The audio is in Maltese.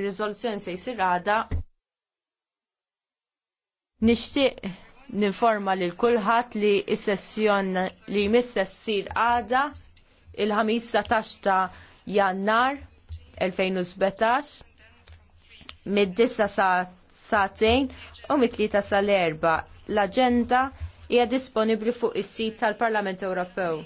Rizoluzzjoni se jsir għada. Nixtieq ninforma lil kulħadd li s-sessjon li jmissa ssir għada il-ħamis tax ta' jannar 2017 mid-9 satejn u mit-3 sal-4. L-aġenda hija disponibbli fuq is-sit tal-Parlament Ewropew.